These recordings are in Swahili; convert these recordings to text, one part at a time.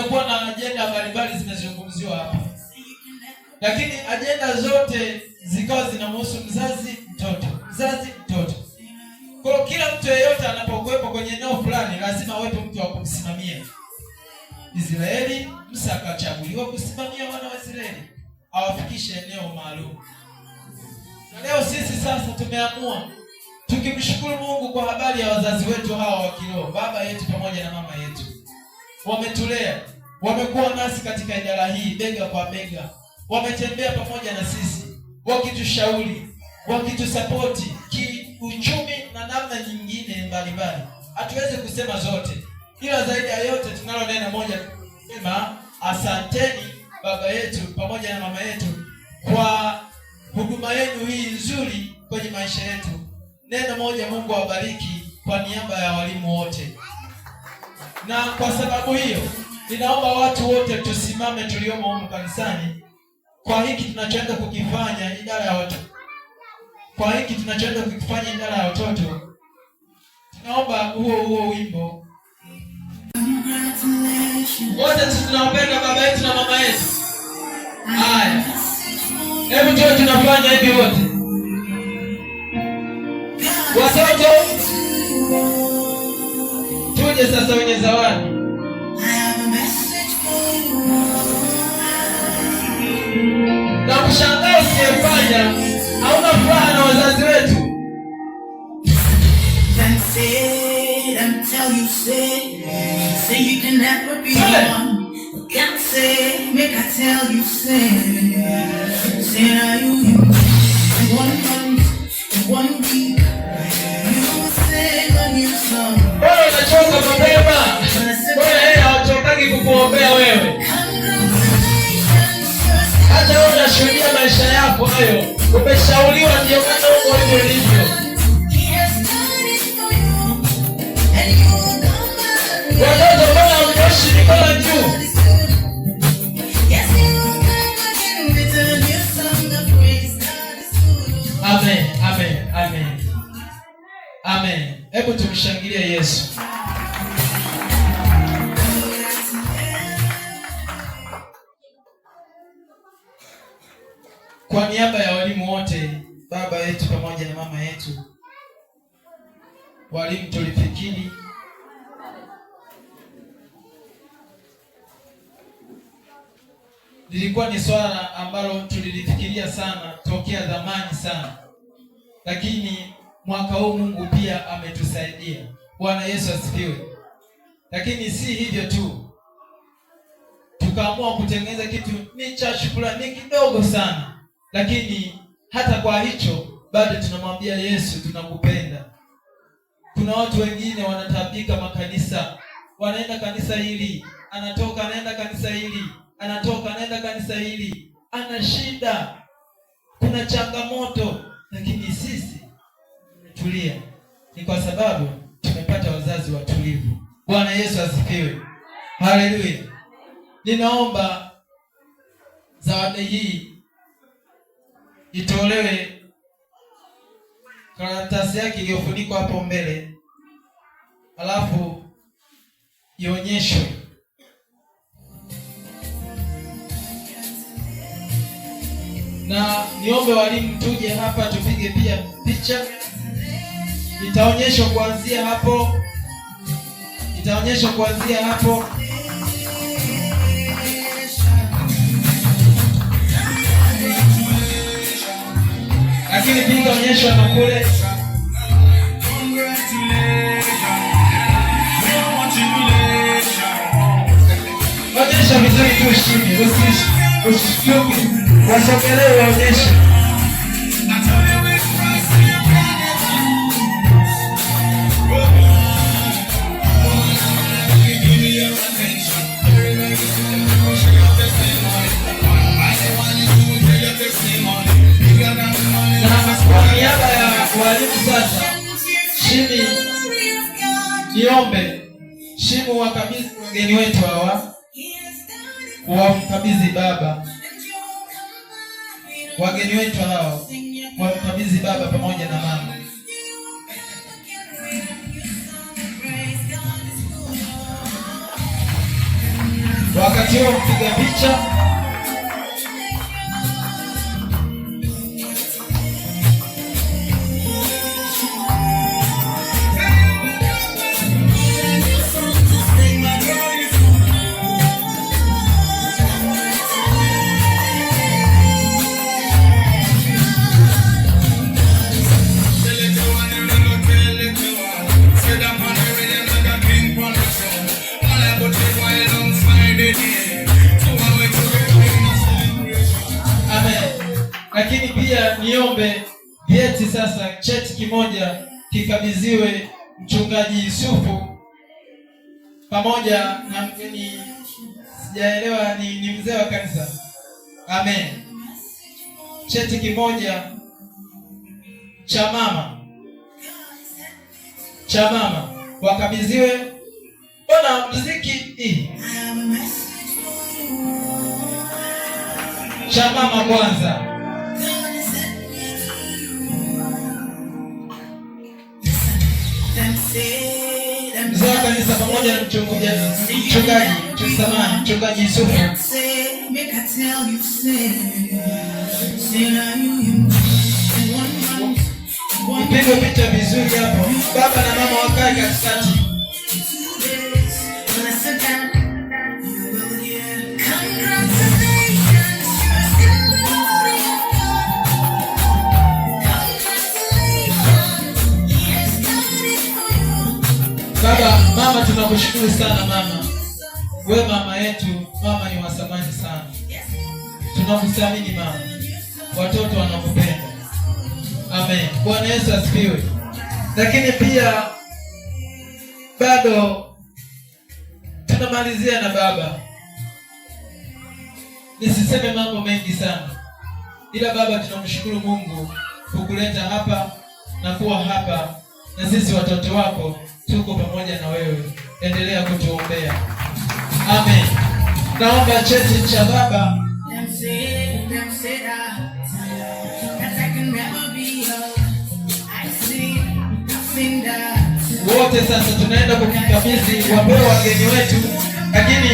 kutakuwa na ajenda mbalimbali zinazozungumziwa hapa, lakini ajenda zote zikawa zinamhusu mzazi mtoto, mzazi mtoto. Kwa kila mtu yeyote anapokuwepo kwenye eneo fulani, lazima awepo mtu wa kumsimamia. Israeli, Musa akachaguliwa kusimamia wana wa Israeli awafikishe eneo maalum, na leo sisi sasa tumeamua tukimshukuru Mungu kwa habari ya wazazi wetu hawa wa kiroho, baba yetu pamoja na mama yetu wametulea wamekuwa nasi katika idara hii bega kwa bega, wametembea pamoja na sisi, wakitushauri, wakitusapoti kiuchumi na namna nyingine mbalimbali. Hatuwezi kusema zote, ila zaidi ya yote tunalo neno moja kusema asanteni baba yetu pamoja na mama yetu kwa huduma yenu hii nzuri kwenye maisha yetu. Neno moja, Mungu awabariki kwa niaba ya walimu wote, na kwa sababu hiyo Ninaomba watu wote tusimame tuliomo humu kanisani kwa hiki tunachoenda kukifanya idara ya watu. kwa hiki tunachoenda kukifanya idara ya watoto. Tunaomba huo huo wimbo wote, tunampenda baba yetu na mama yetu. Haya, hebu tuwe tunafanya hivi wote, watoto tuje sasa wenye zawadi na kushangaa usiyefanya. Hauna furaha na wazazi wetu. Hey. kushuhudia maisha yako hayo. Umeshauriwa, ndio maana uko hivyo ulivyo. Watoto, mbona mnyoshi mikono juu? Amen, amen, amen, amen. Hebu tumshangilie Yesu. Kwa niaba ya walimu wote, baba yetu pamoja na mama yetu, walimu tulifikiri lilikuwa ni swala ambalo tulilifikiria sana tokea zamani sana, lakini mwaka huu Mungu pia ametusaidia. Bwana Yesu asifiwe. Lakini si hivyo tu, tukaamua kutengeneza kitu ni cha shukrani, ni kidogo sana lakini hata kwa hicho bado tunamwambia Yesu tunakupenda. Kuna watu wengine wanatabika makanisa, wanaenda kanisa hili anatoka, anaenda kanisa hili anatoka, anaenda kanisa hili, ana shida, kuna changamoto, lakini sisi tumetulia. Ni kwa sababu tumepata wazazi watulivu. Bwana Yesu asifiwe, haleluya. Ninaomba zawadi hii itolewe karatasi yake iliyofunikwa hapo mbele, alafu ionyeshwe na niombe walimu tuje hapa tupige pia picha. Itaonyeshwa kuanzia hapo, itaonyeshwa kuanzia hapo. lakini piga onyesho hapa kule onyesha vizuri tu ushindi, usichoke, wasogelee, waonyeshe Karibu sasa Shimi, kiombe Shimu, wakabidhi mgeni wetu hawa, wamkabidhi Baba wageni wetu hawa, wamkabidhi Baba pamoja na mama wakati huo mpiga picha lakini pia niombe vyeti sasa, cheti kimoja kikabidhiwe mchungaji Yusufu pamoja na mgeni, sijaelewa ni, ni mzee wa kanisa. Amen. Cheti kimoja cha mama cha mama wakabidhiwe. Bona mziki cha mama kwanza mzee wa kanisa pamoja na mchungaji mchungaji Yusufu ipigwe picha vizuri hapo, baba na mama wakae katikati Baba, mama, tunakushukuru sana mama, we mama yetu, mama ni wasamani sana, tunakusamini mama, watoto wanakupenda. Amen. Bwana Yesu asifiwe. Lakini pia bado tunamalizia na baba, nisiseme mambo mengi sana, ila baba tunamshukuru Mungu kukuleta hapa na kuwa hapa na sisi watoto wako tuko pamoja na wewe, endelea kutuombea. Amen. Naomba cheti cha baba wote sasa tunaenda kukikabidhi wapeo wageni wetu, lakini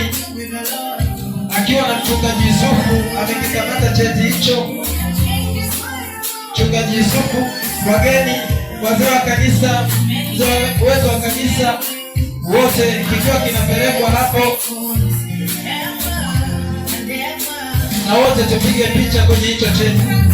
akiwa na mchungaji Yusufu amekikamata cheti hicho. Mchungaji Yusufu, wageni wazee wa kanisa, uwezo wa kanisa wote, kikiwa kinapelekwa hapo, na wote tupige picha kwenye hicho cheni.